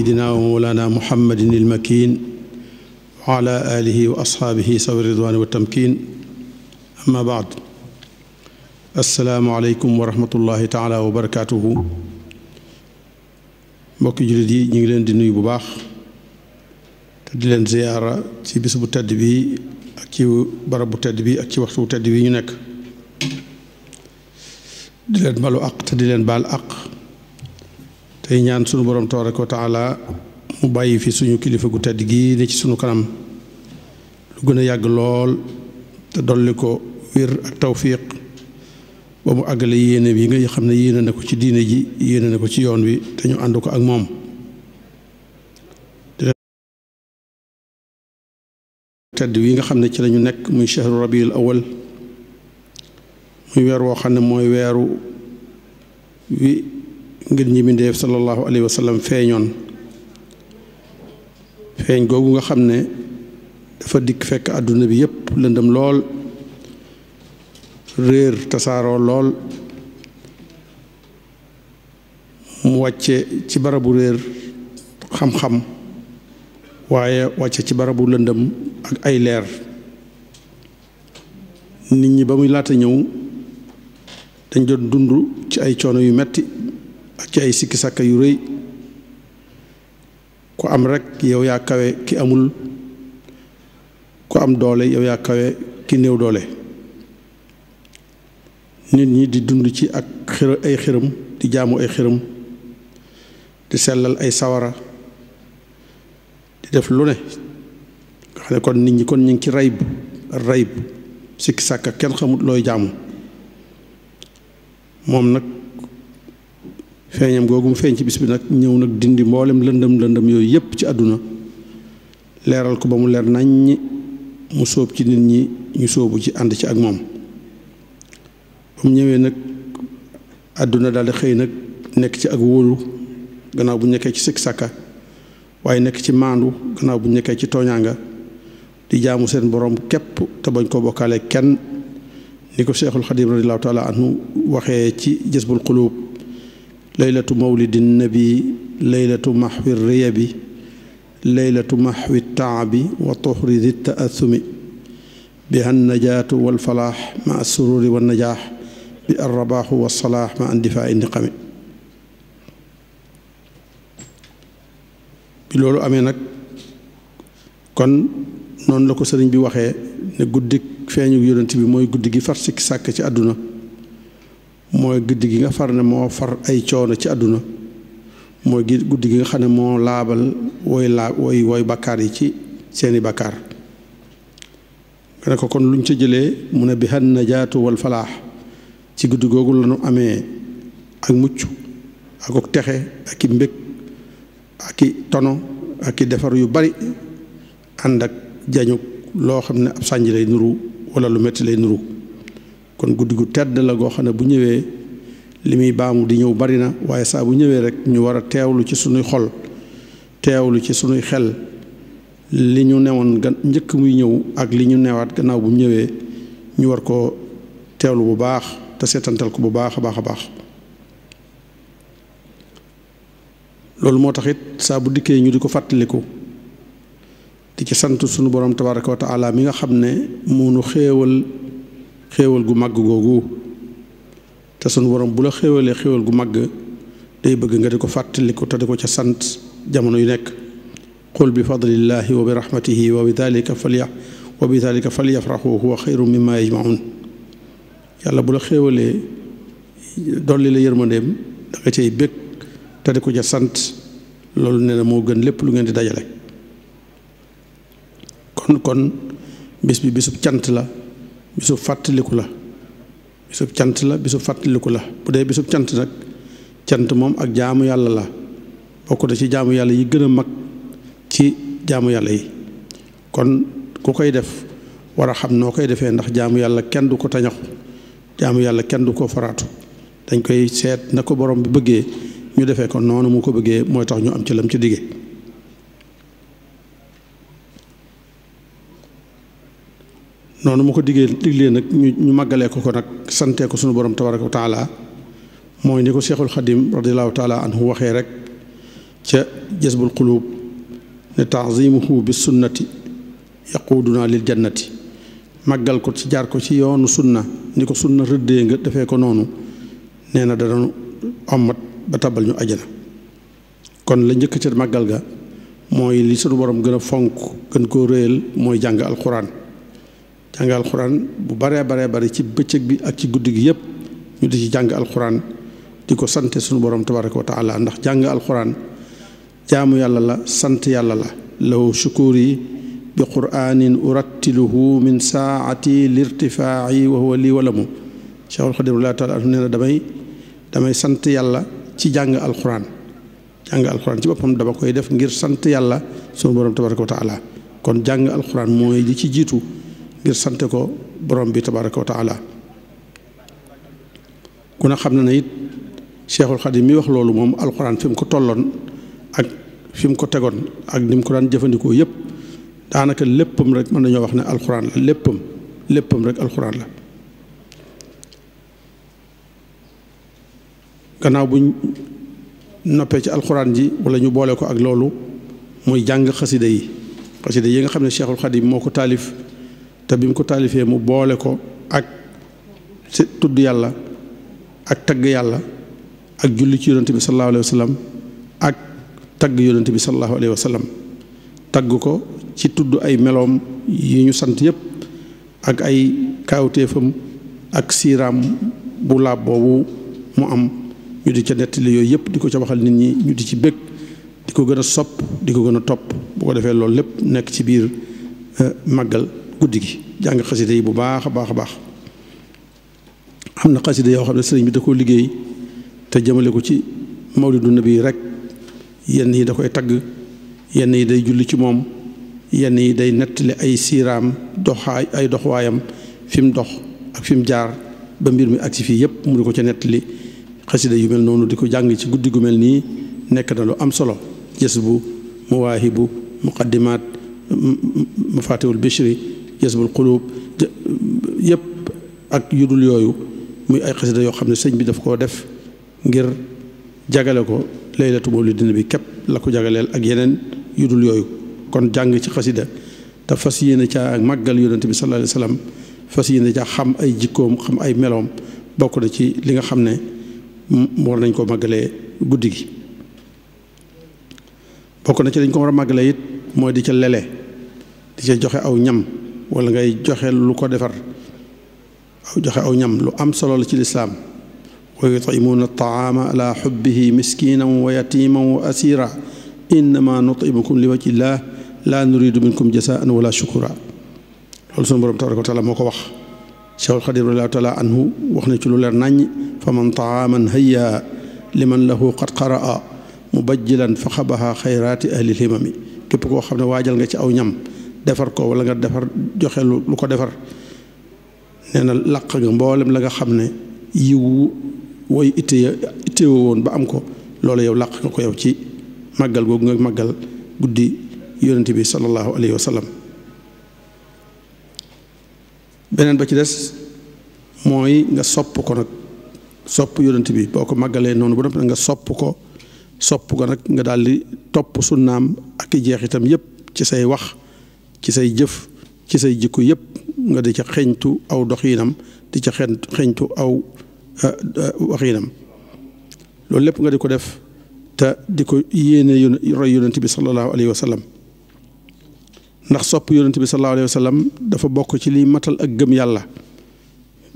seydina wa mawlana muhammadin ilmakin wa ala alihi wa asxaabihi ridwaani wa tamkin amma baad assalaamu aleykum wa rahmatullahi taala wa barakaatuhu mbokki jullit yi ñu ngi leen di nuyu bu baax te di leen ziyaara ci bis bu tedd bi ak ci barab bu tedd bi ak ci waxtu bu tedd bi ñu nekk di leen balu àq te di leen baal àq tey ñaan sunu borom tabaraka ko taala mu bàyyi fi suñu kilifa gu tedd gii ne ci sunu kanam lu gën a yàgg lool te dolli ko wér ak tawfiq ba mu àggale yéene bi nga xam ne yéene na ko ci diine ji yéene na ko ci yoon wi te ñu ànd ko ak moom tedd wi nga xam ne ci lañu nekk muy shahru rabiul awal muy weer woo xam ne mooy weeru wi ngir ñi mbindéef sallallahu alayhi wa feeñoon feeñ googu nga xam ne dafa dikk fekk àdduna bi yépp lëndëm lool réer tasaaroo lool mu wàcce ci barabu réer xam-xam waaye wàcce ci barabu lëndëm ak ay leer nit ñi ba muy laata ñëw dañ doon dund ci ay coono yu metti ak ci ay sikki sàkka yu réy ku am rekk yow yaa kawe ki amul ku am doole yow yaa kawe ki néew doole nit ñi di dund ci ak xër ay xërëm di jaamu ay xërëm di sellal ay sawara di def lu ne nga xam ne kon nit ñi kon ñu ngi ci rayb rayb sikki sàkka kenn xamut looy jaamu moom nag feeñam googu mu feeñ ci bis bi nag ñëw nag dindi mboolem lëndëm lëndëm yooyu yépp ci àdduna leeral ko ba mu leer naññ mu sóob ci nit ñi ñu sóobu ci ànd ci ak moom ba mu ñëwee nag àdduna daal xëy nag nekk ci ak wóolu gannaaw bu nekkee ci sikk sàkka waaye nekk ci maandu gannaaw bu nekkee ci tooñaanga di jaamu seen borom képp te bañ koo bokkaale kenn ni ko Cheikhul Xadim radiyallahu taala anhu waxee ci jësbul xuluub laylatu mawlidi nabi laylatu maxwi riyabi laylatu maxwi taabi wa tuxri di taasumi biha najaatu walfalaax ma assururi wa najaax bi arrabaaxu wasalaax ma andifaa indiqami bi loolu amee nag kon noonu la ko sëriñ bi waxee ne guddik feeñu yonent bi mooy guddi gi far sàkk ci àdduna mooy guddi gi nga far ne moo far ay coono ci àdduna mooy guddi gi nga xam ne moo laabal woy laa woy woy bakkaar yi ci seeni bakkaar nga ne ko kon lu ñu ca jëlee mu ne bi han najaatu wal falaax ci guddi googu la ñu amee ak mucc ak ak texe ak i mbég ak i tono ak i defar yu bari ànd ak jañu loo xam ne ab sànj lay nuru wala lu metti lay nuru kon guddi gu tedd la goo xam ne bu ñëwee li muy baamu di ñëw bari na waaye saa bu ñëwee rek ñu war a teewlu ci sunuy xol teewlu ci sunuy xel li ñu newoon ga njëkk muy ñëw ak li ñu newaat gannaaw bu mu ñëwee ñu war ko teewlu bu baax te seetantal ko bu baax a baax a baax loolu moo tax it saa bu dikkee ñu di ko fàttaliku di ci sant sunu borom tabaraka wa taala mi nga xam ne moo nu xéewal xéewal gu màgg googu te sunu borom bu la xéewalee xéewal gu màgg day bëgg nga di ko fàttaliku te di ko ca sant jamono yu nekk qul bi fadlillahi wa bi rahmatihi wa bi dalika falya wa bi dalika falyafrahu huwa xayru mimma yajmaun yàlla bu la xéewalee dolli la yërmandeem da nga cay bëgg te di ko ca sant loolu nee na moo gën lépp lu ngeen di dajale kon kon bis bi bisub cant la bisub fàttaliku la bisub cant la bisub fàttaliku la bu dee bisub cant nag cant moom ak jaamu yàlla la bokk ci jaamu yàlla yi gën a mag ci jaamu yàlla yi kon ku koy def war a xam noo koy defee ndax jaamu yàlla kenn du ko tañaxu jaamu yàlla kenn du ko faraatu dañ koy seet na ko borom bi bëggee ñu defee ko noonu mu ko bëggee mooy tax ñu am ci lam ci diggee noonu ma ko diggee diglee nag ñu ñu màggalee ko ko nag santee ko sunu borom tabaraka wa taala mooy ni ko cheikhul xadim radiallahu taala anhu waxee rek ca jazbul qulub ne taazimuhu bi sunnati yaquuduna lil jannati màggal ko ci jaar ko ci yoonu sunna ni ko sunna rëddee nga defee ko noonu nee na dana ommat ba tabal ñu ajana kon la njëkk ca màggal ga mooy li sunu borom gën a fonk gën koo réyal mooy jàng alquran jàng alxuraan bu baree bare bari ci bëccëg bi ak ci guddi gi yëpp ñu di ci jàng alxuraan di ko sante suñu borom tabaraka wa taala ndax jàng alxuraan jaamu yàlla la sant yàlla la law shukuur yi bi quraanin urattiluhu min wa huwa lii walamu sant yàlla ci jàng alxuraan jàng ci boppam dama koy def ngir sant yàlla suñu borom tabaraka wa kon jàng alxuraan mooy li ci jiitu ngir sante ko borom bi tabaraka wa taala ku ne xam na ne it cheikhul xadim mi wax loolu moom alxuraan fi ko tolloon ak fi mu ko tegoon ak ni ko daan jëfandikoo yëpp daanaka léppam rek mën nañoo wax ne alxuraan la léppam léppam rek alxuraan la gannaaw buñ noppee ci alxuraan ji wala ñu boole ko ak loolu muy jàng xasida yi xasida yi nga xam ne cheikhul xadim moo ko taalif te bi mu ko taalifee mu boole ko ak tudd yàlla ak tagg yàlla ak julli ci yonante bi sallallahu alayhi wa ak tagg yonante bi sallallahu alayhi wa sallam ko ci tudd ay meloom yi ñu sant yépp ak ay kaawteefam ak siiraam bu laab boobu mu am ñu di ca nettali yooyu yëpp di ko ca waxal nit ñi ñu di ci bëgg di ko gën a sopp di ko gën a topp bu ko defee loolu lépp nekk ci biir eh, màggal guddi gi jàng xasida yi bu baax a baax a baax am na xasida yoo xam ne sëriñ bi da koo liggéey te jëmale ko ci mawlidu nabi rek yenn yi da koy tagg yenn yi day julli ci moom yenn yi day nettali ay siiraam doxaay ay doxwaayam fi mu dox ak fi mu jaar ba mbir mi agsi fii yëpp mu di ko ca nettali xasida yu mel noonu di ko jàng ci guddi gu mel nii nekk na lu am solo jës bu muwaahibu muqaddimaat mafaatihul bishri yasbul xuluub yëpp ak yudul yooyu muy ay xasida yoo xam ne sëñ bi daf koo def ngir jagale ko laylatu mawlidi bi képp la ko jagaleel ak yeneen yudul yooyu kon jàng ci xasida te fas yéene caa ak màggal yonente bi sallallahu alayhi wa sallam fas yéene caa xam ay jikkoom xam ay meloom bokk na ci li nga xam ne war nañ ko màggalee guddi gi bokk na ci dañ ko war a màggalee it mooy di ca lele di ca joxe aw ñam wala ngay joxe lu ko defar aw joxe aw ñam lu am solo la ci lislaam wa yutimuuna taama ala xubbihi miskinan wa yatiman wa asira innama nutimukum li wajhi llah laa nuridu minkum jasaan wala shukura loolu sunu borom tabaraka wa taala moo ko wax cheikhul xadim radiallahu taala anhu wax na ci lu leer nàññ fa man taaman hayya liman lahu qad qaraa mubajjilan fa xabaha xayraati ahli lhimami képp koo xam ne waajal nga ci aw ñam defar ko wala nga defar joxe lu ko defar nee na làq nga mboolem la nga xam ne yiwu woy itte itteewo woon ba am ko loolu yow làq nga ko yow ci màggal googu nga màggal guddi yonent bi sallallahu alayhi wa beneen ba ci des mooy nga sopp ko nag sopp yonent bi boo ko màggalee noonu ba noppi nga sopp ko sopp ko nag nga daal di topp naam ak i jeexitam yépp ci say wax ci say jëf ci say jikko yépp nga di ca xeñtu aw doxiinam di ca xent xeñtu aw eh, eh, waxiinam loolu lépp nga di ko def te di ko yéene roy yonent bi sallallahu alayhi wa ndax sopp yonent bi sallallahu alayhi wa dafa bokk ci liy matal ak gëm yàlla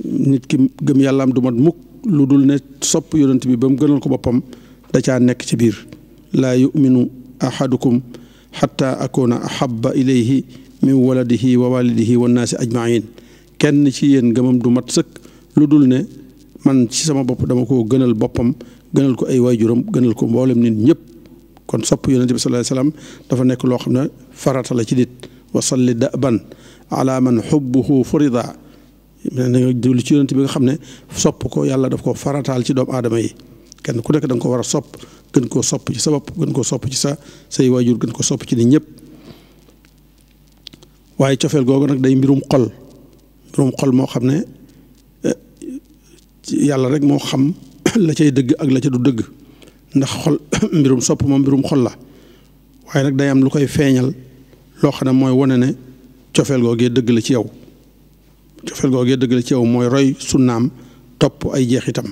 nit ki gëm yàllaam du mat mukk lu dul ne sopp yonent bi ba mu gënal ko boppam da caa nekk ci biir laa yuminu ahadukum xatta akuna ahaba ilayhi min waladihi wa walidihi wannaasi ajmain kenn ci yéen ngëmam du mat sëkk lu dul ne man ci sama bopp dama ko gënal boppam gënal ko ay waajuram gënal ko mboolem nit ñëpp kon sopp yonente bi sallallahu alayhi dafa nekk loo xam ne farata la ci nit wasalli daban ala man xubbuhu furida na nga julli ci yonente bi nga xam ne sopp ko yàlla daf ko faratal ci doomu aadama yi kenn ku nekk da ko war a sopp gën koo sopp ci sa bopp gën koo sopp ci sa say waajur gën ko sopp ci nii ñëpp waaye cofeel googu nag day mbirum xol mbirum xol moo xam ne eh, yàlla rek moo xam la cay dëgg ak la ca du dëgg ndax xol mbirum sopp moom mbirum xol la waaye nag day am lu koy feeñal loo xam ne mooy wane ne cofeel googee dëgg la ci yow cofeel googee dëgg la ci yow mooy roy su naam topp ay jeexitam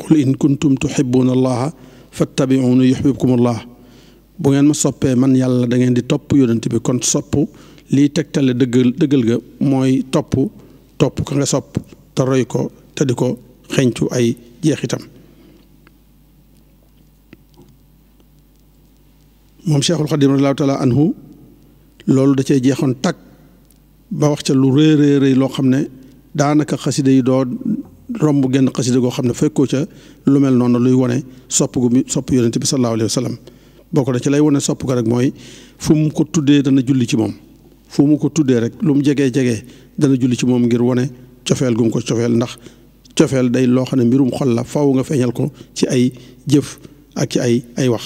qul in kuntum tuhibuuna allaha fattabiuuna yuxbibkum allah bu ngeen ma soppee man yàlla da ngeen di topp yonent bi kon sopp lii tegtale dëggal dëggal ga mooy topp topp ka nga sopp te roy ko te di ko xencu ay jeexitam moom cheikhul xadim radiallahu taala anhu loolu da cee jeexoon tag ba lu loo xam ne daanaka xasida yi doo romb genn xasida goo xam ne fekkoo ca lu mel noonu luy wone sopp gu sopp yonente bi sallallahu alayhi wa boo ko da ci lay wone sopp ko rek mooy fu mu ko tuddee dana julli ci moom fu mu ko tuddee rek lu mu jegee jegee dana julli ci moom ngir wane cofeel gu ko cofeel ndax cofeel day loo xam ne mbirum xol la faaw nga feeñal ko ci ay jëf ak ci ay ay wax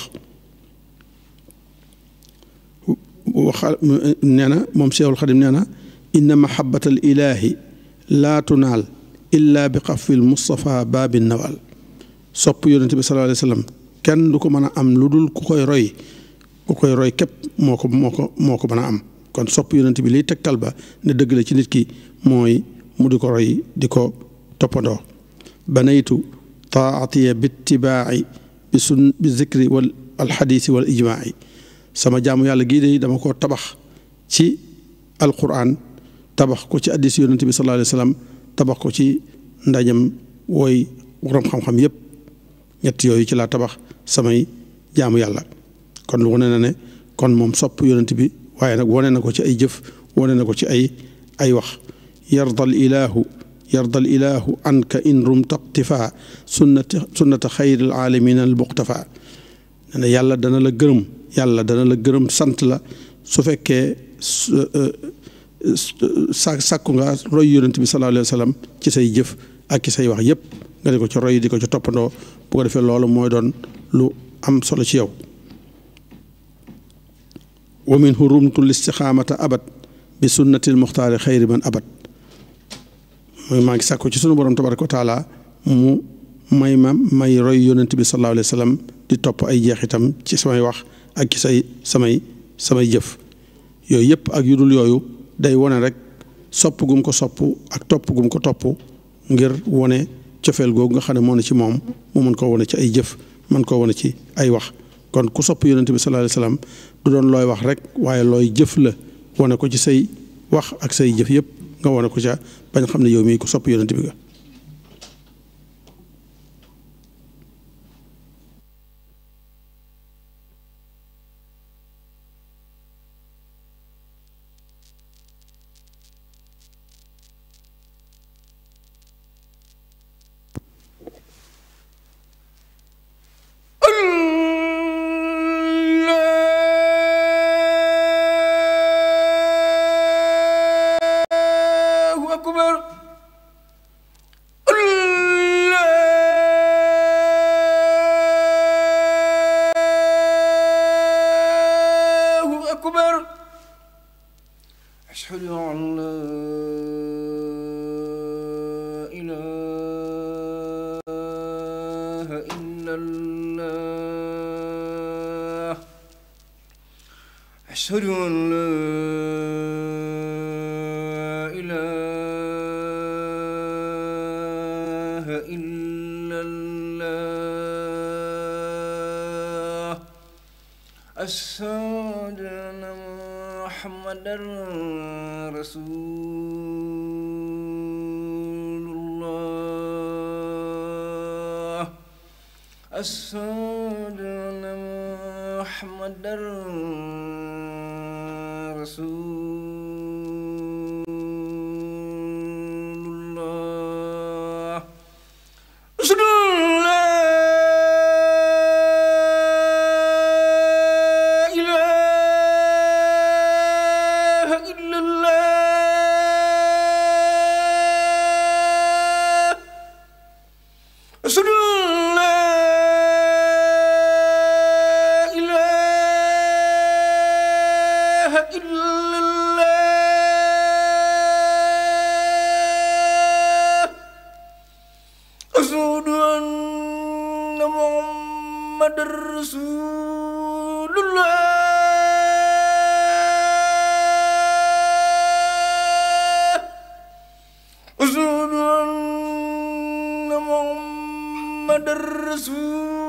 nee na moom Seexul Xadim nee na inna mahabbata al ilaahi laatu naal illaa bi xafil Moustapha baabi nawal sopp yonent bi sallallahu alayhi wa kenn du ko mën a am lu dul ku koy roy ku koy roy képp moo ko moo ko moo ko mën a am kon sopp yonent bi liy teg ba ne dëgg la ci nit ki mooy mu di ko roy di ko toppandoo banaytu taatiya bittibaai bi sun bi zikri wal alxadiisi wal ijmaai sama jaamu yàlla gii de dama ko tabax ci alquran tabax ko ci addis yonent bi sallallahu alayhi wa tabax ko ci ndajam woy borom xam-xam yëpp ñett yooyu ci laa tabax samay jaamu yàlla kon wane na ne kon moom sopp yonent bi waaye nag wane na ko ci ay jëf wane na ko ci ay ay wax yardal ilaahu yardal ilaahu anka in rumta iqtifa sunnata sunnata xayril aalamiin al muqtafa nee na yàlla dana la gërëm yàlla dana la gërëm sant la su fekkee euh, sa sàkku nga roy yonent bi sallallahu alayhi ci say jëf ak ci say wax yëpp nga di ko ci roy di ko ci toppandoo bu defee loolu mooy doon lu am solo ci yow wa minhu rumtu listixaamata abad bi sunnatil muxtaari xayri man abad mooy maa ngi sàkku ci sunu borom tabaraka wa taala mu may ma may roy yonent bi sallallahu alayhi wa di topp ay jeex itam ci samay wax ak ci say samay samay jëf yooyu yëpp ak yu dul yooyu day wone rek sopp gum ko sopp ak topp gum ko topp ngir wone cofeel googu nga xam ne moo ne ci moom mu mën koo wone ci ay jëf mën koo wone ci ay wax kon ku sopp yonent bi sallallahu alayhi wasallam du doon looy wax rek waaye looy jëf la wone ko ci say wax ak say jëf yëpp nga wone ko ca bañ xam ne yow mii ku sopp yonent bi nga corazón. Muhammadur Rasul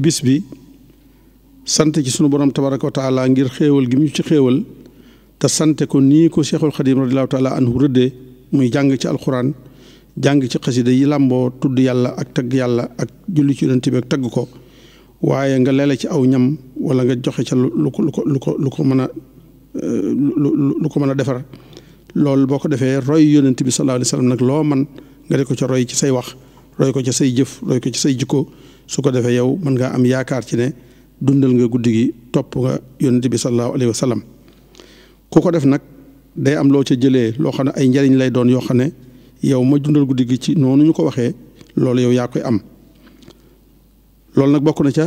ci bis bi sant ci sunu borom tabaraka wa taala ngir xéewal gi mu ci xéewal te sante ko nii ko Cheikhul Xadim radiyallahu taala anhu rëddee muy jàng ci alxuraan jàng ci xasida yi làmboo tudd yàlla ak tagg yàlla ak julli ci yonent bi ak tagg ko waaye nga leele ci aw ñam wala nga joxe ca lu ko lu ko lu ko lu ko mën a lu ko mën a defar loolu boo ko defee roy yonent bi sallallahu alayhi nag loo man nga di ko ci say wax roy ko ci say jëf roy ko ci say jikko su ko defee yow mën ngaa am yaakaar ci ne dundal nga guddi gi topp nga yonent bi sallallahu alayhi wa ku ko def nag day am loo ca jëlee loo xam ne ay njariñ lay doon yoo xam ne yow ma dundal guddi gi ci noonu ñu ko waxee loolu yow yaa koy am loolu nag bokk na ca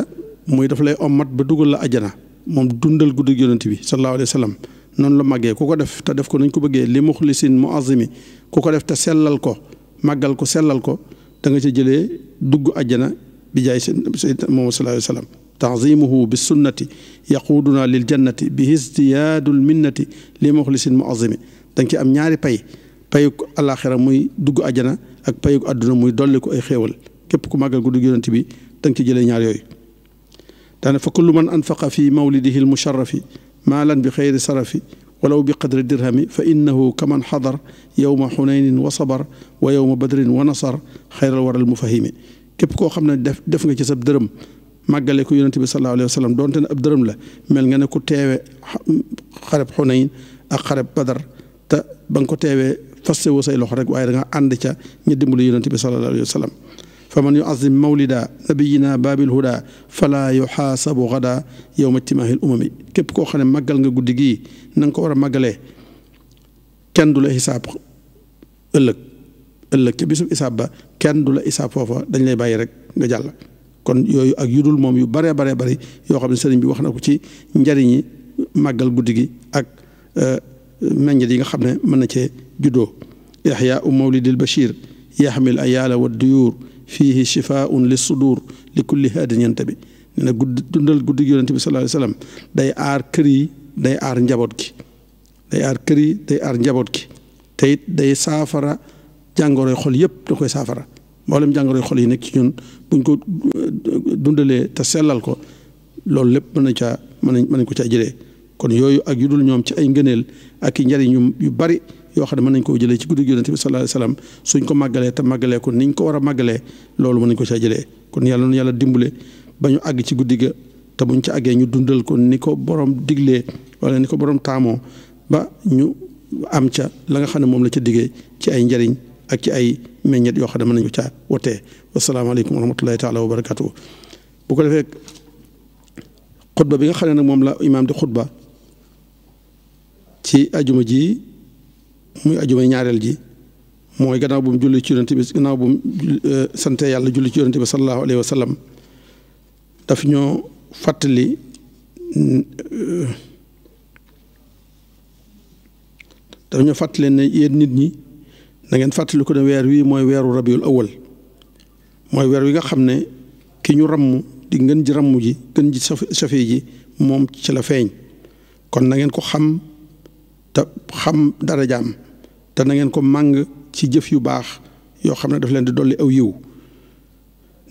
muy daf lay ommat ba dugal la ajjana moom dundal guddi gi bi sallallahu alayhi wa noonu la màggee ku ko def te def ko nañu ko bëggee li muxlisin mu azimi ku ko def te sellal ko màggal ko sellal ko da nga jëlee dugg ajjana bi jaay sayyidina Muhammad sallallahu alayhi wa sallam تعظيمه بالسنة يقودنا للجنة به ازدياد المنة لمخلص معظم danga ci am ñaari pay payug àllaaxira muy dugg àjjana ak payug àdduna muy dolli ko ay xéewal képp ku màggal guddi yonent bi danga ci jëlee ñaar yooyu daane fa kullu man anfaqa fi mawlidihi almusharafi maalan bi xayri sarafi walaw bi qadri dirhami fa innahu kaman xadar yowma xunaynin wa sabar wa yowma badrin wa nasar xayral waral mufahimi képp koo xam ne def def nga ci sab dërëm màggale ko yonente bi sallallahu alayhi wa sallam donte ne ab dërëm la mel nga ne ku teewe xareb xunayn ak xareb badar te ba nga ko teewe faste woo say loxo rek waaye da nga ànd ca ñu dimbali yonente bi sallallahu alayhi wa sallam fa man yuazim mawlida nabiyina babil huda fala yuxaasabu gada yowma ijtimaahil képp koo xam ne màggal nga guddi gii nanga ko war a maggale kenn du la xisaab ëllëg ëllëg ca bisub isaab ba kenn du la isaab foofa dañ lay bàyyi rek nga jàll kon yooyu ak yudul moom yu baree baree bari yoo xam ne sëriñ bi wax na ko ci njariñi màggal guddi gi ak euh, meññet yi nga xam ne mën na cee juddoo ixyaau mawlidil bachir yaxmil ayaala wa duyuur fiihi chifaun li sudur li kulli haadin yanta bi ne na gudd dundal guddi gi bi sallallahu alayhi wasallam day aar kër yi day aar njaboot gi day yi day aar njaboot gi day saafara jàngoroy xol yëpp da koy saafara mboolem jàngoroy xol yi nekk ci ñun bu buñ ko euh, dundalee te sellal ko loolu lépp mën na caa mën nañ mën ko caa jëlee kon yooyu ak yu dul ñoom ci ay ngëneel ak i njariñ yu yu bari yoo xam ne mën nañ koo jëlee ci guddi yonente bi sallallahu alayhi suñ ko màggalee te màggalee ko niñ ko war a màggalee loolu mën nañ ko caa jëlee kon yàlla nu yàlla dimbale ba ñu àgg ci guddi ga te buñ ci àggee ñu dundal ko ni ko boroom diglee walla ni ko borom taamoo ba ñu am ca la nga xam ne moom la ca diggee ci ay njariñ ak ci ay meññet yoo xam mën nañu caa watee wasalaamaaleykum wa rahmatullahi taala wa barakatuhu bu ko defee xutba bi nga xam ne nag moom la imaam di xutba ci ajuma ji muy ajuma ñaareel ji mooy gannaaw bu mu julli ci yonent bi euh, sante yàlla julli ci yonent bi sallallahu alayhi wa sallam ñoo fàttali euh, daf ñoo fàttali ne nit ñi da ngeen fàttaliku ne weer wii mooy weeru rabiul awal mooy weer wi nga xam ne ki ñu ramm di ngeen ji ramm ji ngeen ji safi ji moom ci la feeñ kon na ngeen ko xam te xam darajaam te na ngeen ko màng ci jëf yu baax yoo xam ne daf leen di dolli aw yiw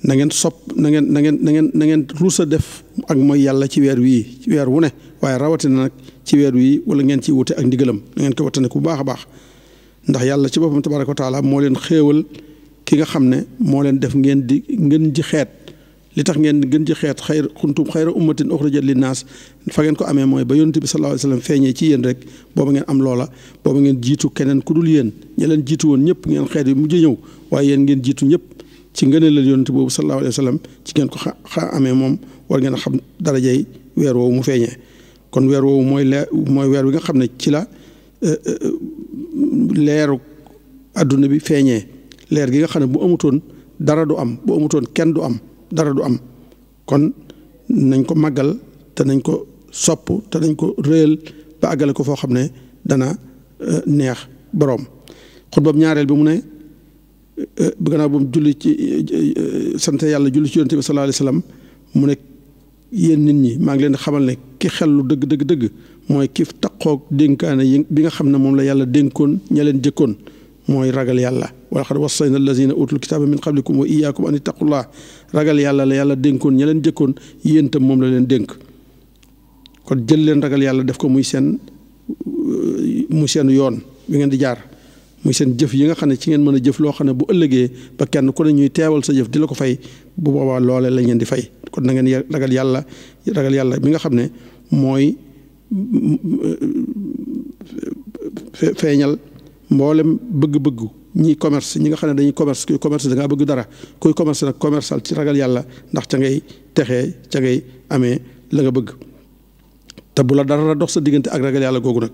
na ngeen sopp na ngeen na ngeen na ngeen na ngeen rusa def ak mooy yàlla ci weer wii ci weer wu ne waaye rawatina nag ci weer wii wala ngeen ciy wute ak ndigalam na ngeen ko wattane ku baax a baax ndax yàlla ci boppam tabaraka wa taala moo leen xéewal ki nga xam ne moo leen def ngeen di ngeen ji xeet li tax ngeen gën ji xeet xayr xuntum xayra ummatin uxrijat linnaas fa ngeen ko mooy ba yonent bi sallallahu alayhi wasallam feeñee ci yéen rek booba ngeen am loola booba ngeen jiitu keneen dul yéen ña jiitu woon ñëpp ngeen xeet yi mujj ñëw waaye yéen ngeen jiitu ñëpp ci ngëneelal yonent boobu sallallahu alayhi wasallam ci ngeen ko xa amee moom war ngeen a xam darajay weer woowu mu feeñee kon weer woowu mooy lee mooy weer wi nga xam ne ci la Euh, euh, leeru àdduna bi feeñee leer gi nga xam ne bu amutoon dara du am bu amutoon kenn du am dara du am kon nañ ko màggal te nañ ko sopp te nañ ko réel ba àggale ko foo xam ne dana euh, neex boroom xutbam ñaareel bi mu ne gannaaw bu mu julli ci sant yàlla julli ci yonent bi sallallahu mu ne yéen nit ñi maa ngi leen xamal ne ki xel lu dëgg dëgg dëgg mooy ki taqoog dénkaane yi bi nga xam ne moom la yàlla dénkoon ña leen jëkkoon mooy ragal yàlla wala xad wassayna allazina utul kitaaba min qablikum wa iyaakum an ittaqullah ragal yàlla la yàlla dénkoon ña leen jëkkoon yéen tam moom la leen dénk kon jël leen ragal yàlla def ko muy seen mu seen yoon bi ngeen di jaar muy seen jëf yi nga xam ne ci ngeen mën a jëf loo xam ne bu ëllëgee ba kenn ku ne ñuy teewal sa jëf di la ko fay bu boobaa loole lañ leen di fay kon na ngeen ragal yàlla ragal yàlla bi nga xam ne mooy feeñal mboolem bëgg-bëggu ñii commerce ñi nga xam ne dañuy commerce kuy commerce da bëgg dara kuy commerce nag commercial ci ragal yàlla ndax ca ngay texee ca ngay amee la nga bëgg te bu la dara la dox sa diggante ak ragal yàlla googu nag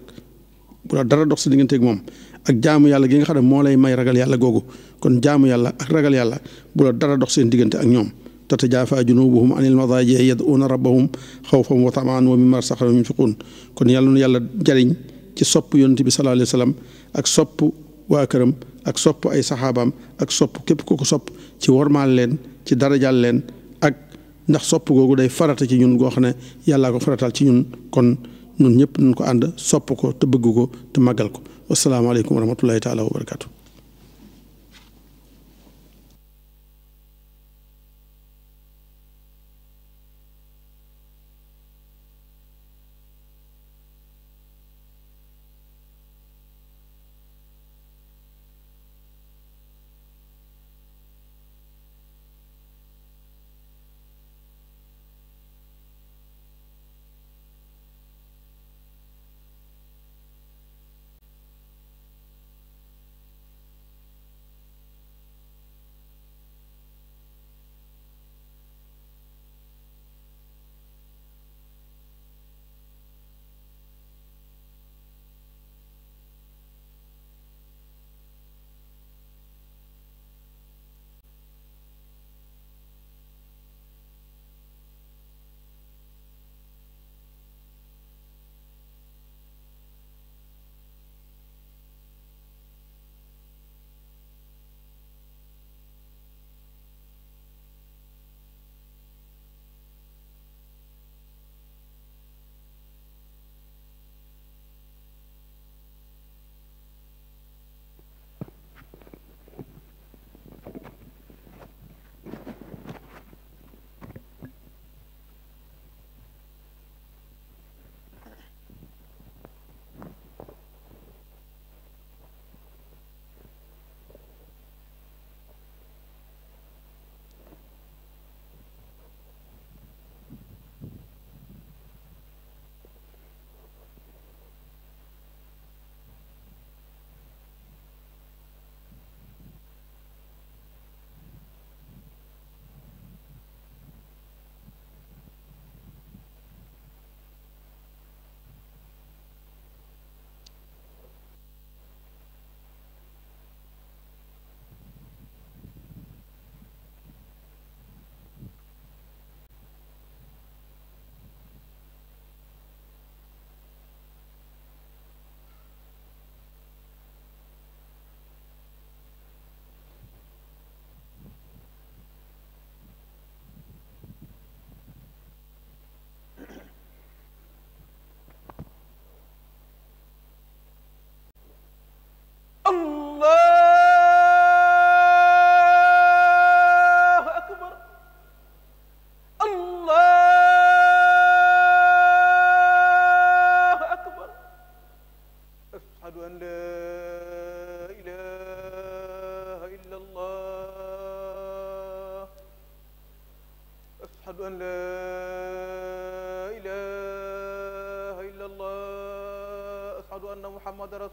bu la dara dox sa digganteeg moom ak jaamu yàlla gi nga xam ne moo lay may ragal yàlla googu kon jaamu yàlla ak ragal yàlla bu la dara dox seen diggante ak ñoom tatajaafa junubuhum anil madaaji yad'uuna rabbahum xawfan wa tamaan wa mimmaa razaqnaahum yunfiquun kon yàlla nu yàlla jariñ ci sopp yonent bi sallallaahu wa sallam ak sopp waa këram ak sopp ay saxaabaam ak sopp képp ku ko sopp ci wormaal leen ci darajaal leen ak ndax sopp googu day farata ci ñun goo xam ne yàllaa ko faratal ci ñun kon ñun ñëpp nañ ko ànd sopp ko te bëgg ko te màggal ko wasalaamaaleykum wa rahmatullahi taala wa barakaatu.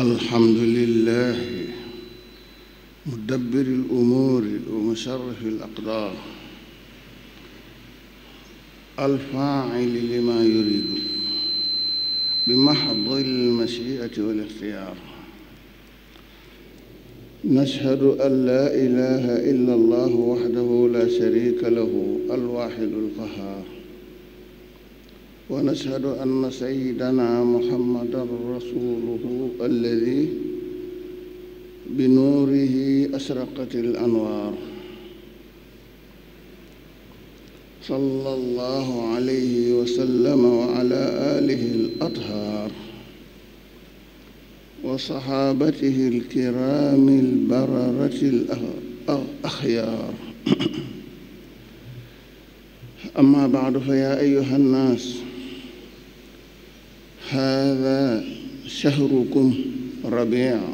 الحمد لله مدبر الأمور ومشرف الأقدار الفاعل لما يريد بمحض المشيئة والاختيار نشهد أن لا إله إلا الله وحده لا شريك له الواحد القهار ونشهد أن سيدنا محمدا رسوله الذي بنوره أشرقت الأنوار صلى الله عليه وسلم وعلى آله الأطهار وصحابته الكرام البررة الأخيار أما بعد فيا أيها الناس haada shahrukum rabiic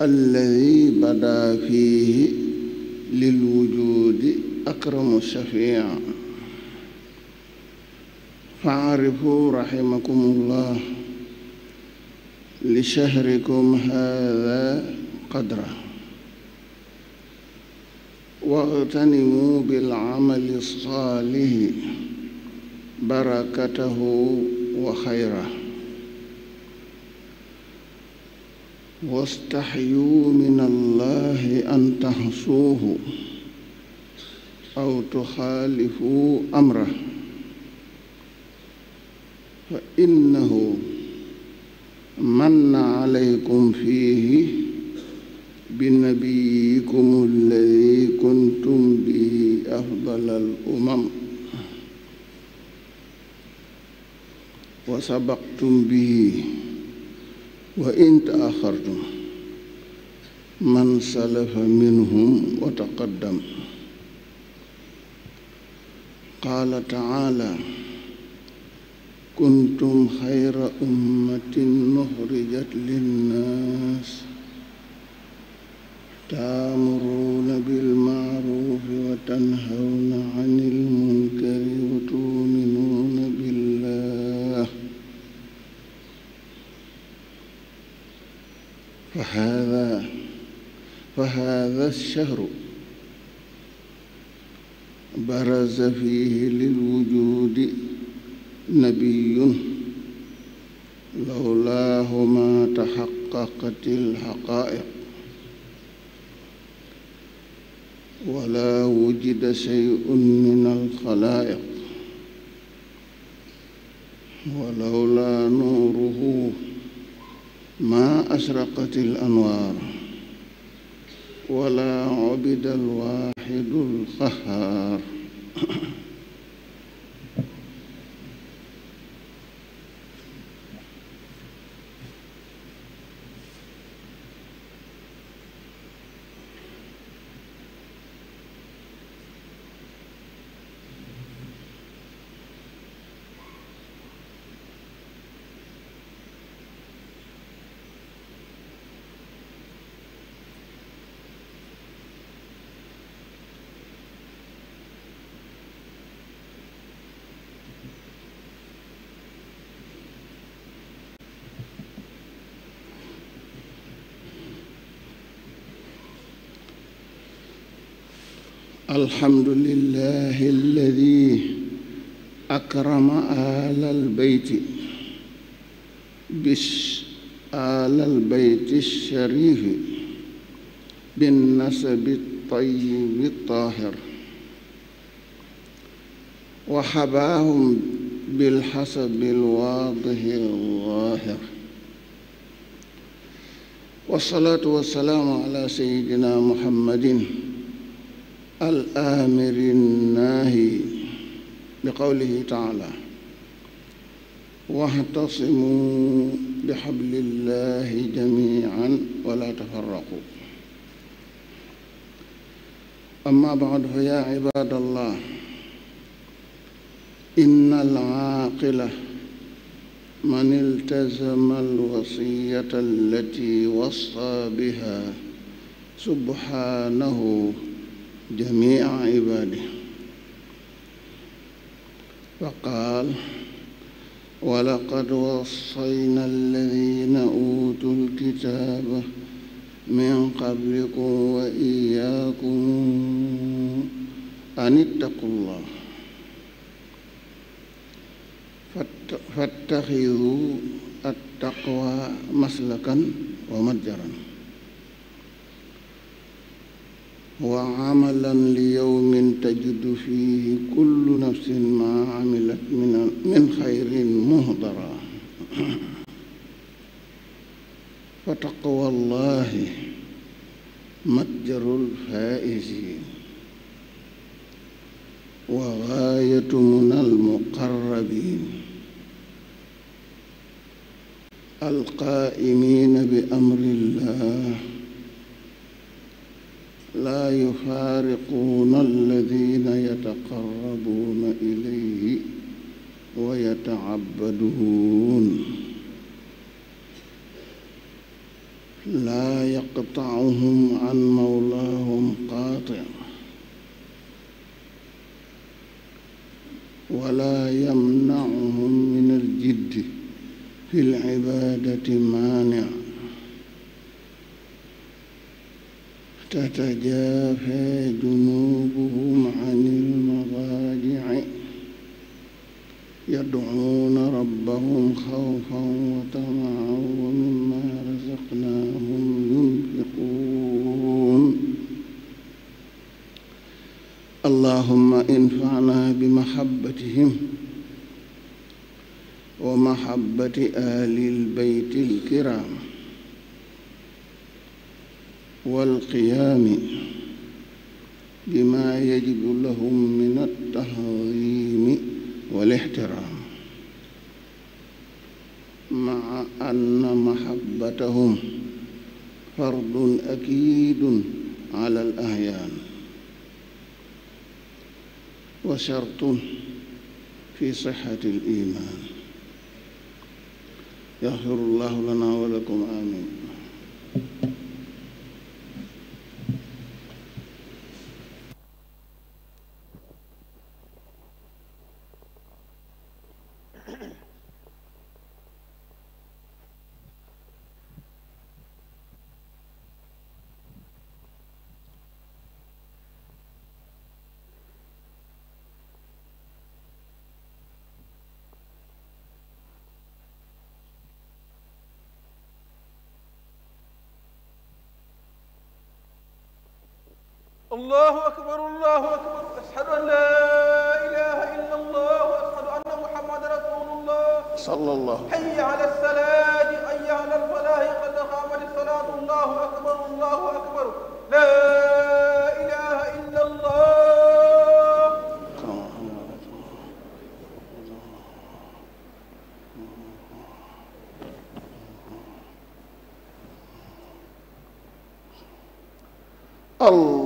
alladi bada fiihi lil wujuudi akramu shafiic facrifuu raximakum ullah li shahrikum haada qadra wagtanimuu bilcamali saalixi barakatahu wa xayra wastaxyu min allahi an taxsuuhu aw tuxaalifu amra fa innahu manna alaykum fiihi binabiyikum alladi kuntum bihi afdala al umam wa sabaqtum bihi wa in taaxartum man salafa minhum wa taqaddam qaala taala kuntum xayra ummatin muxrijat linnaas taamuruuna bilmaarufi wa tanhawna anil munkari wa tuumin فهذا فهذا الشهر برز فيه للوجود نبي لولاه ما تحققت الحقائق ولا وجد شيء من الخلائق ولولا نوره ما أشرقت الأنوار ولا عبد الواحد القهار الحمد لله الذي أكرم آل البيت بش آل البيت الشريف بالنسب الطيب الطاهر وحباهم بالحسب الواضح الظاهر والصلاة والسلام على سيدنا محمد الآمر الناهي بقوله تعالى واعتصموا بحبل الله جميعا ولا تفرقوا أما بعد فيا عباد الله إن العاقلة من التزم الوصية التي وصى بها سبحانه جميع عباده فقال ولقد وصينا الذين أوتوا الكتاب من قبلكم وإياكم أن اتقوا الله فاتخذوا التقوى مسلكا ومتجرا وعملا ليوم تجد فيه كل نفس ما عملت من من خير مهضرا فتقوى الله متجر الفائزين وغاية من المقربين القائمين بأمر الله لا يفارقون الذين يتقربون إليه ويتعبدون لا يقطعهم عن مولاهم قاطع ولا يمنعهم من الجد في العبادة مانع تتجافى جنوبهم عن المضاجع يدعون ربهم خوفا وطمعا ومما رزقناهم ينفقون اللهم انفعنا بمحبتهم ومحبة آل البيت الكرام والقيام بما يجب لهم من التعظيم والاحترام مع أن محبتهم فرض أكيد على الأعيان وشرط في صحة الإيمان يغفر الله لنا ولكم آمين allahu akbar allahu akbar ashhadu an la ilaha illa allah wa ashhadu anna muhammadan rasulullah sallallahu hayya ala salaati hayya ala falaahi qad qaamat salaatu allahu akbar allahu akbar la ilaha illa allah Allah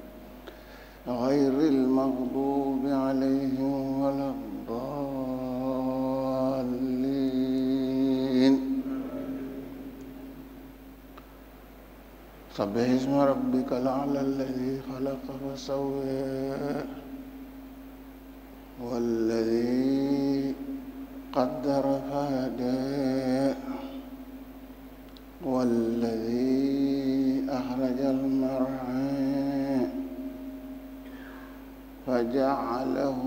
غير المغضوب عليهم ولا الضالين سبح اسم ربك الأعلى الذي خلق فسوى والذي قدر فهدى والذي أخرج المرعى فجعله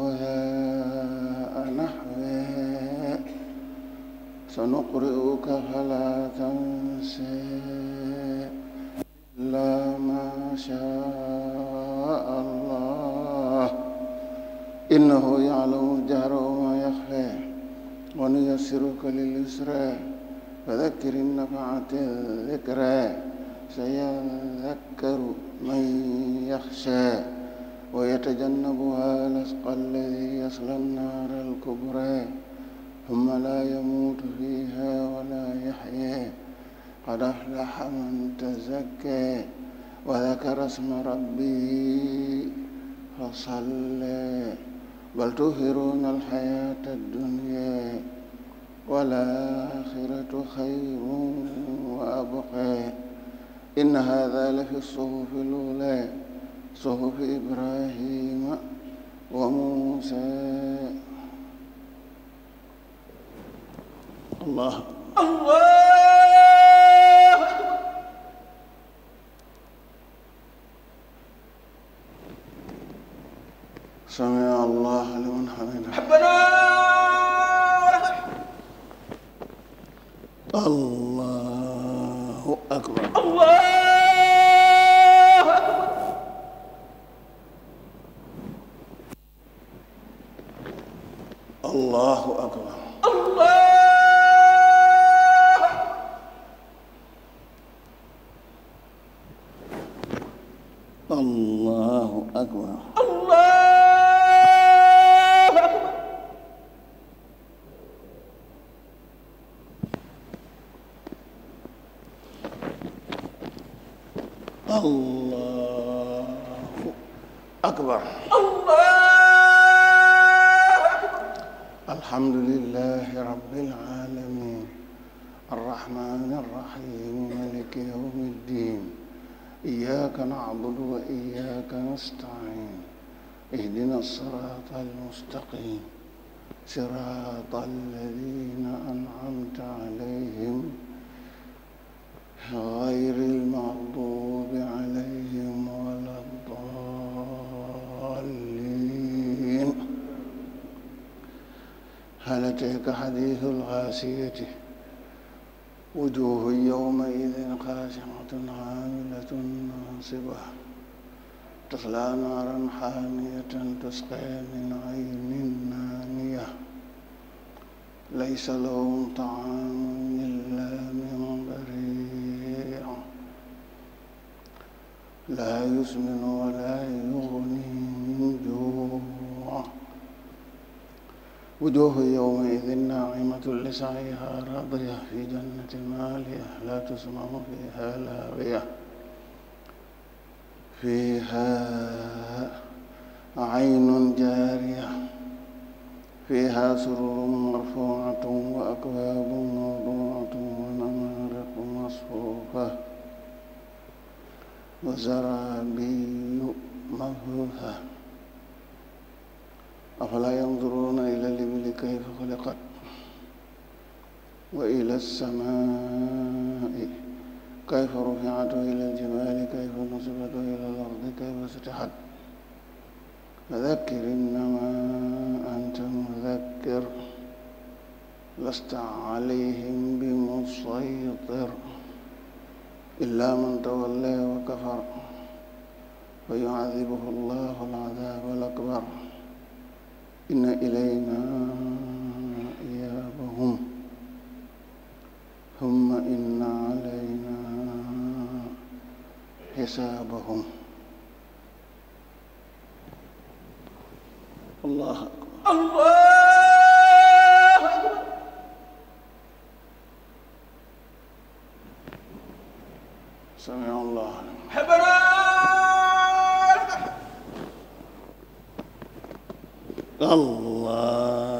غثاء نحوه سنقرئك فلا تنسى إلا ما شاء الله إنه يعلم الجهر وما يخفى ونيسرك لليسرى فذكر إن نفعت الذكرى سيذكر من يخشى ويتجنبها الأشقى الذي يصلى النار الكبرى ثم لا يموت فيها ولا يحيى قد أفلح من تزكى وذكر اسم ربه فصلى بل تؤثرون الحياة الدنيا والآخرة خير وأبقى إن هذا لفي الصحف الأولى صحف إبراهيم وموسى الله الله سمع الله لمن حمده ربنا الله تصلى نارا حامية تسقى من عين آنية ليس لهم طعام إلا من ضريع لا يسمن ولا يغني من جوع وجوه يومئذ ناعمة لسعيها راضية في جنة مالية لا تسمع فيها لاغية فيها عين جارية فيها سرور مرفوعة وأكواب موضوعة ونمارق مصفوفة وزرابي مبثوثة أفلا ينظرون إلى الإبل كيف خلقت وإلى السماء كيف رفعت إلى الجبال كيف نصبت إلى الأرض كيف ستحت فذكر إنما أنت مذكر لست عليهم بمسيطر إلا من تولى وكفر فيعذبه الله العذاب الأكبر إن إلينا إيابهم ثم إن علينا حسابهم الله أكبر الله أكبر سمع الله حبنا الله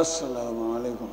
asalaamaaleykum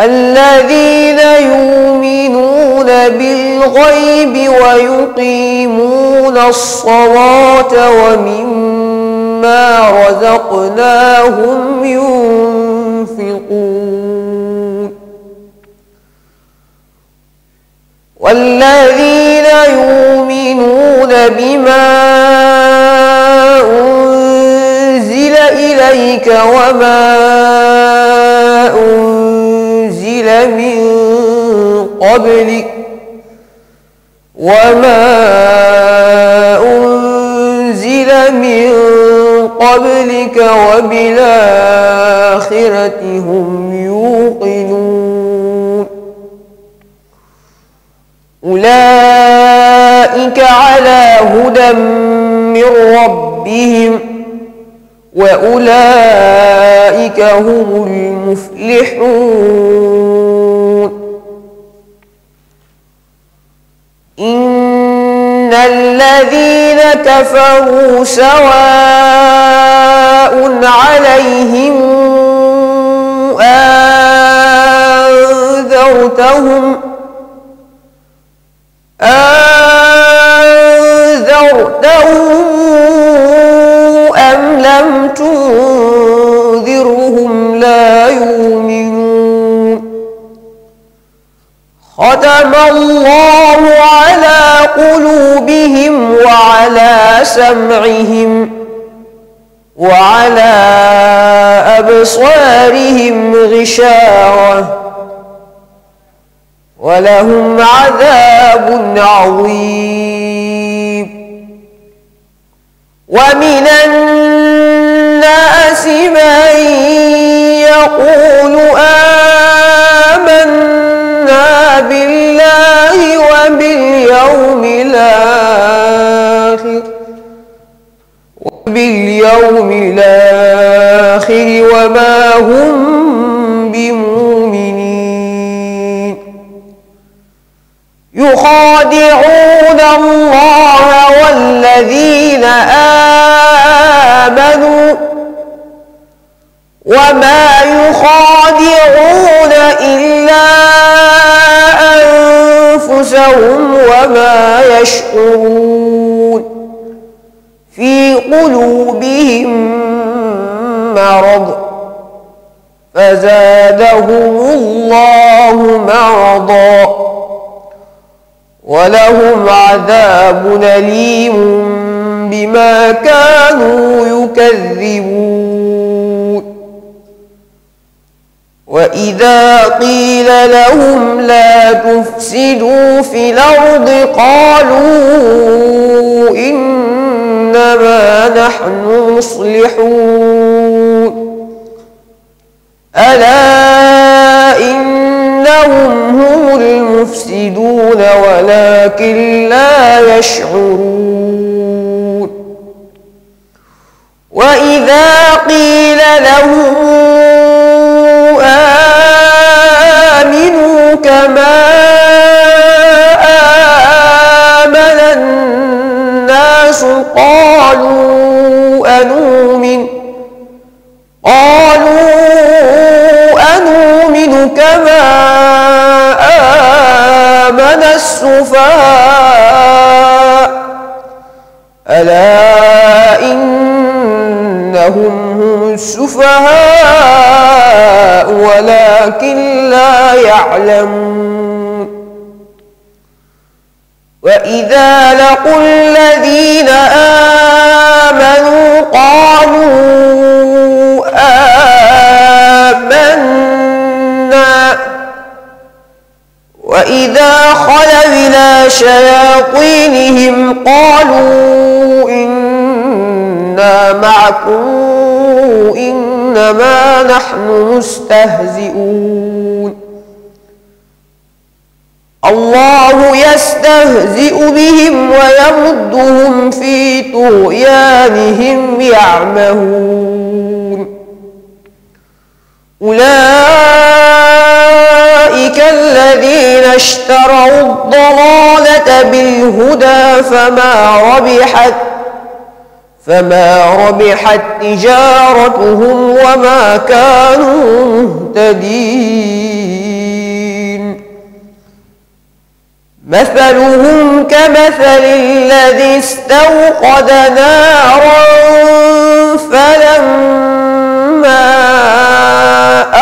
الذين يؤمنون بالغيب ويقيمون الصلاة ومما رزقناهم ينفقون والذين يؤمنون بما أنزل إليك وما أنزل من قبلك وما أنزل من قبلك وبالآخرة هم يوقنون أولئك على هدى من ربهم وأولئك هم المفلحون إن الذين كفروا سواء عليهم أنذرتهم أنذرتهم أم لم تنذرهم لا يؤمنون ختم الله على قلوبهم وعلى سمعهم وعلى أبصارهم غشاوة ولهم عذاب عظيم ومن الناس أفحسب أن يقول آمنا بالله وباليوم الآخر وباليوم الآخر وما هم بمؤمنين يخادعون الله والذين آمنوا وما يخادعون إلا أنفسهم وما يشعرون في قلوبهم مرض فزادهم الله مرضا ولهم عذاب أليم بما كانوا يكذبون وإذا قيل لهم لا تفسدوا في الأرض قالوا إنما نحن مصلحون ألا إنهم هم المفسدون ولكن لا يشعرون وإذا قيل لهم قالوا أنؤمن قالوا أنؤمن كما آمن السفهاء ألا إنهم هم السفهاء ولكن لا يعلمون وإذا لقوا الذين آمنوا قالوا آمنا وإذا خلوا إلى شياطينهم قالوا إنا معكم إنما نحن مستهزئون الله يستهزئ بهم ويمدهم في طغيانهم يعمهون أولئك الذين اشتروا الضلالة بالهدى فما ربحت فما ربحت تجارتهم وما كانوا مهتدين مثلهم كمثل الذي استوقد نارا فلما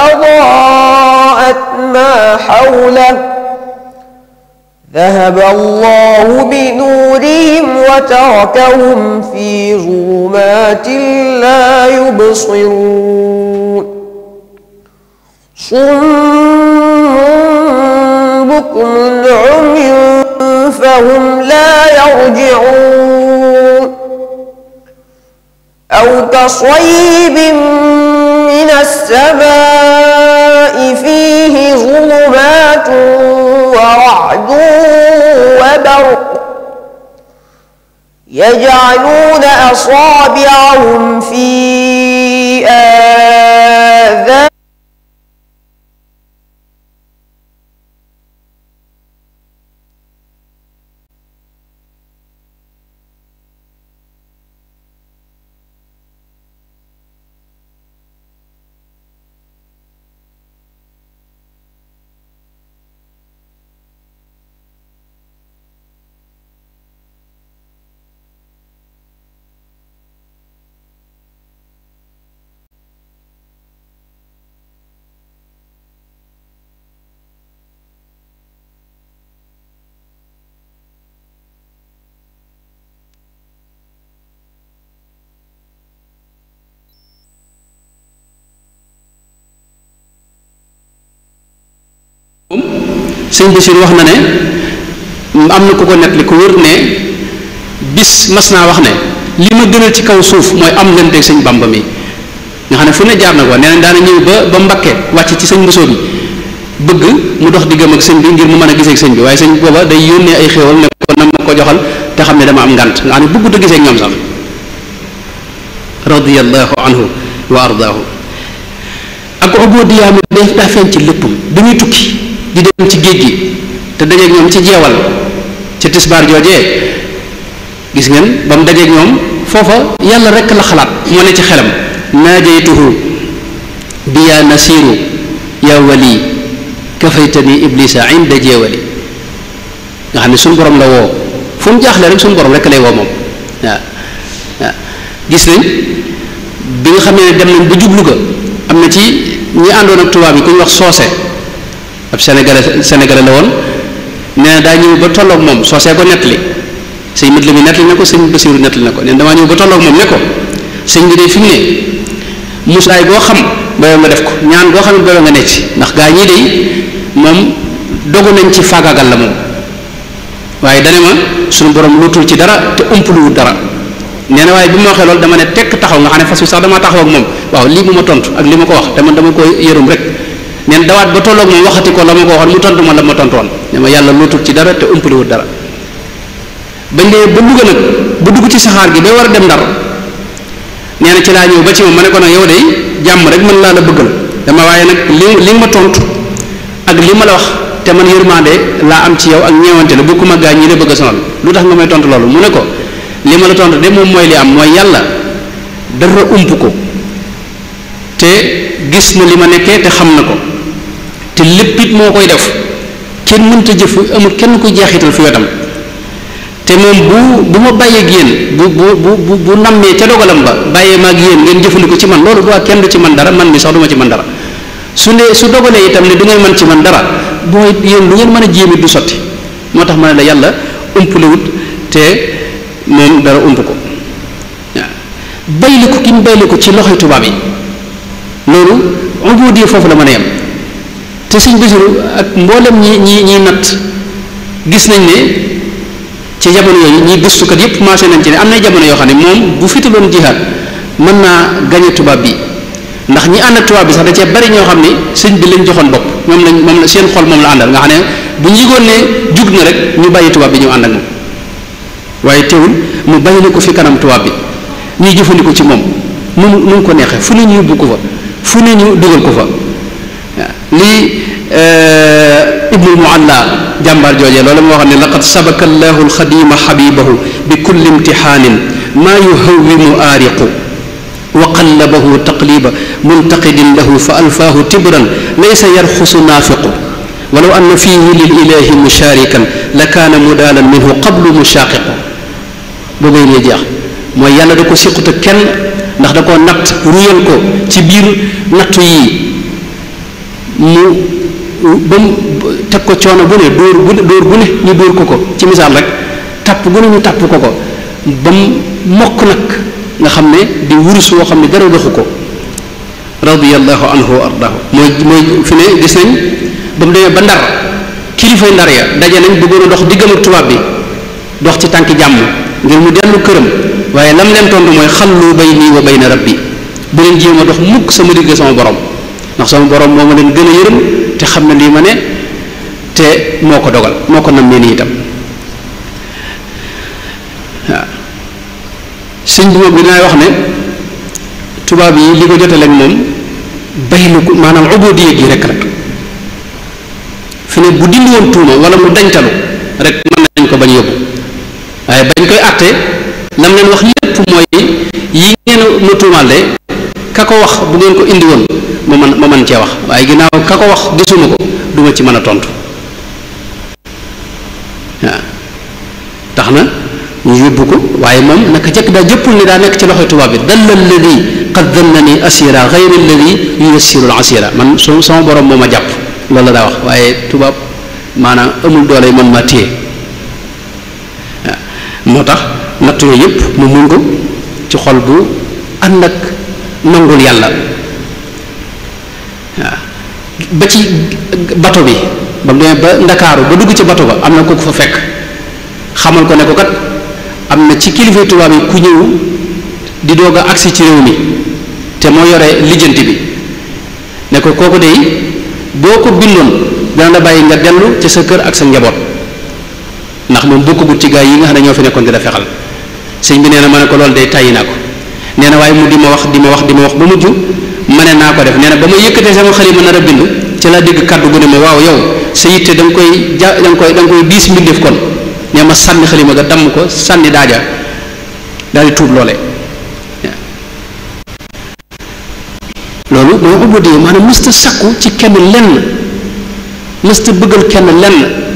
أضاءت ما حوله ذهب الله بنورهم وتركهم في ظلمات لا يبصرون صم بكم عمي فهم لا يرجعون أو كصيب من السماء فيه ظلمات ورعد وبرق يجعلون أصابعهم في آه sëñ Bachir wax na ne am na ku ko nettali ku wër ne bis mas naa wax ne li ma gënal ci kaw suuf mooy am ngënteeg sëñ Bamba mi nga xam ne fu ne jaar na ko nee nañ daana ñëw ba ba Mbakke wàcc ci sëñ Bousso bi bëgg mu dox diggam ak sëñ bi ngir mu mën a gisee sëñ bi waaye sëñ booba day yónnee ay xéewal ne ko na ma ko joxal te xam ne dama am ngant nga xam ne bëggut a gisee ak ñoom sax radiyallahu anhu wa ardaahu ak ubudiyya mi def daa feeñ ci léppam dañuy tukki di dem ci géej gi te dajeeg ñoom ci jeewal ci tisbaar joojee gis ngeen ba mu dajeeg ñoom foofa yàlla rekk la xalaat moo ne ci xelam naajaytuhu bi yaa nasiru yaa wali kafaytani iblisa inda jeewali nga xam ne suñu borom la woo fu mu jaaxle rek suñ borom rekk lay woo moom waaw gis nañ bi nga xam ne dem nañ bu jublu ga am na ci ñi àndoon ak tubaab yi ku wax soose ab sénégalais sénégalais la woon nee na daa ñëw ba tolloog moom soosee ko nettali sëñ mat la mi nettali na ko sëñ basiru nettali na ko nee na damaa ñëw ba tolloog moom ne ko sëñ bi day fi mu ne muslaay goo xam doyoo nga def ko ñaan goo xam ne doyoo nga necc ndax gaa ñii day moom dogu nañ ci faagaagal la moom waaye dane ma suñu borom luutul ci dara te umpluwul dara nee na waaye bi ma waxee loolu dama ne tekk taxaw nga xam ne fas wi sax dama taxaw ak moom waaw lii mu ma tontu ak li ma ko wax te man dama ko yërum rek neen dawaat ba tolloog moom waxati ko la ma ko waxoon mu tontu ma la ma tontoon ne ma yàlla lootul ci dara te umpaliwut dara bañ dee ba dugg nag ba dugg ci saxaar gi ba war a dem ndar nee ci laa ñëw ba ci moom ma ne ko nag yow de jàmm rek mën laa la bëggal dama waaye nag li li nga ma tontu ak li ma la wax te man yërmande laa am ci yow ak ñeewante la bokkuma gaa ñi la bëgg a sonal lu tax nga may tontu loolu mu ne ko li ma la tontu de moom mooy li am mooy yàlla dara ump ko te gis na li ma nekkee te xam na ko. te lépp it moo koy def kenn mënta jëf amul kenn ku jeexital fi wetam te moom bu bu ma bàyyeeg yéen bu bu bu bu nammee ca dogalam ba bàyyee ma ak yéen ngeen jëfandiku ci man loolu du kenn du ci man dara man mi sax du ma ci man dara su ne su dogalee itam ne du ngeen mën ci man dara booy yéen du ngeen mën a jéem it du sotti moo tax ma ne la yàlla umpulewut te moom dara ump ko waaw bayliku ki mu bayliku ci loxoy tubaab yi loolu ubudi foofu la mën a yem. te suñ Basiru ak mboolem ñi ñi ñiy natt gis nañ ne ci jamono yooyu ñi gëstukat yépp maasé nañ ci ne am na jamono yoo xam ne moom bu fitaloon jihaad mën naa gañe tubaab bi ndax ñi ànd ak tubaab bi sax da cee bari ñoo xam ne sëñ bi lañ joxoon bopp lañ moom la seen xol moom la àndal nga xam ne bu ñu yëgoon ne rek ñu bàyyi tubaab bi ñu ànd ak moom waaye teewul mu bàyyi na ko fi kanam tubaab bi ñuy jëfandiku ci moom nu mu ko neexee fu ne ñu yóbbu ko fa fu ne ñu dugal ko fa lii e, ibnul mualla jàmbaar joojee loolu moo xam ne laqad sabaka allahu alxadima xabibahu bi kulli imtixaanin maa yuhawimu aariqu wa qallabahu taqliba muntaqidin lahu fa alfaahu tibran laysa yarxusu naafiqu walaw anna fiihi lil ilahi mushaarikan la kaana mudaalan minhu qablu mushaaqiqu ba bay nee jeex mooy yàlla da ko siqut ak kenn ndax da koo natt ruyal ko ci biir nattu yi mu ba mu teg ko coono bu ne dóor gu ne ñu dóor ko ko ci misaal rek tàpp bu ne ñu tàpp ko ko ba mu mokk nag nga xam ne di wurus woo xam ne dara doxu ko radiyallahu anhu wa ardaahu mooy mooy fi ne gis nañ ba mu demee ba ndar kilifay ndar ya daje nañ bëggoon a dox diggam tubaab bi dox ci tànk jàmm ngir mu dellu këram waaye lam leen tontu mooy xallu bayni wa bayna bi bu leen jéem a dox mukk sama digg sama borom ndax sama borom moo ma leen gën yërëm te xam ne lii ma ne te moo ko dogal moo ko nam nii itam waaw sëñ bi moom dinaay wax ne tubaab yi li ko jotaleeg moom bay lu maanaam ubudiya gi rek rek fi ne bu dindi woon tuuma wala mu dañtalu rek mën nañ ko bañ yóbbu waaye bañ koy àtte lam leen wax lépp mooy yi ngeen ma tuumaal de ka ko wax bu ngeen ko indi woon man ma mën cee wax waaye ginnaaw ka ko wax gisuma ko duma ci mën a tontu tax na ñu yóbbu ko waaye moom naka jëkk daa jëppul ni daa nekk ci loxoy tubaab bi dal la qad dannani asira gayra man su sama borom ma jàpp loolu la daa wax waaye tubaab maanaam amul doole mën ma téye moo tax natt yooyu yëpp mu mun ko ci xol bu ànd ak nangul yàlla waaw ba ci bato bi ba mu demee ba ndakaaru ba dugg ci bato ba am na ko ko fa fekk xamal ko ne ko kat am na ci kilifa tubaab yi ku ñëw di doog a agsi ci réew mi te moo yore lijjanti bi ne ko kooku de boo ko bindoon dana la bàyyi nga dellu ci sa kër ak sa njaboot ndax moom bokkagut ci gaa yi nga xam ne ñoo fi nekkoon di la fexal sëñ bi nee na ma ne ko loolu day tàyyi naa ko nee waaye mu di ma wax di ma wax di ma wax ba mujj ma ne naa ko def nee na ba ma yëkkatee sama xalima nar a bind ci laa dégg kàddu gu ne waaw yow sa yitte da nga koy ja da nga koy da nga koy diis mbindeef kon nee ma sànni xalima ga damm ko sànni daaja daal di tuub loole loolu mooy ubudiyya maanaam mësta sakku ci kenn lenn mësta bëggal kenn lenn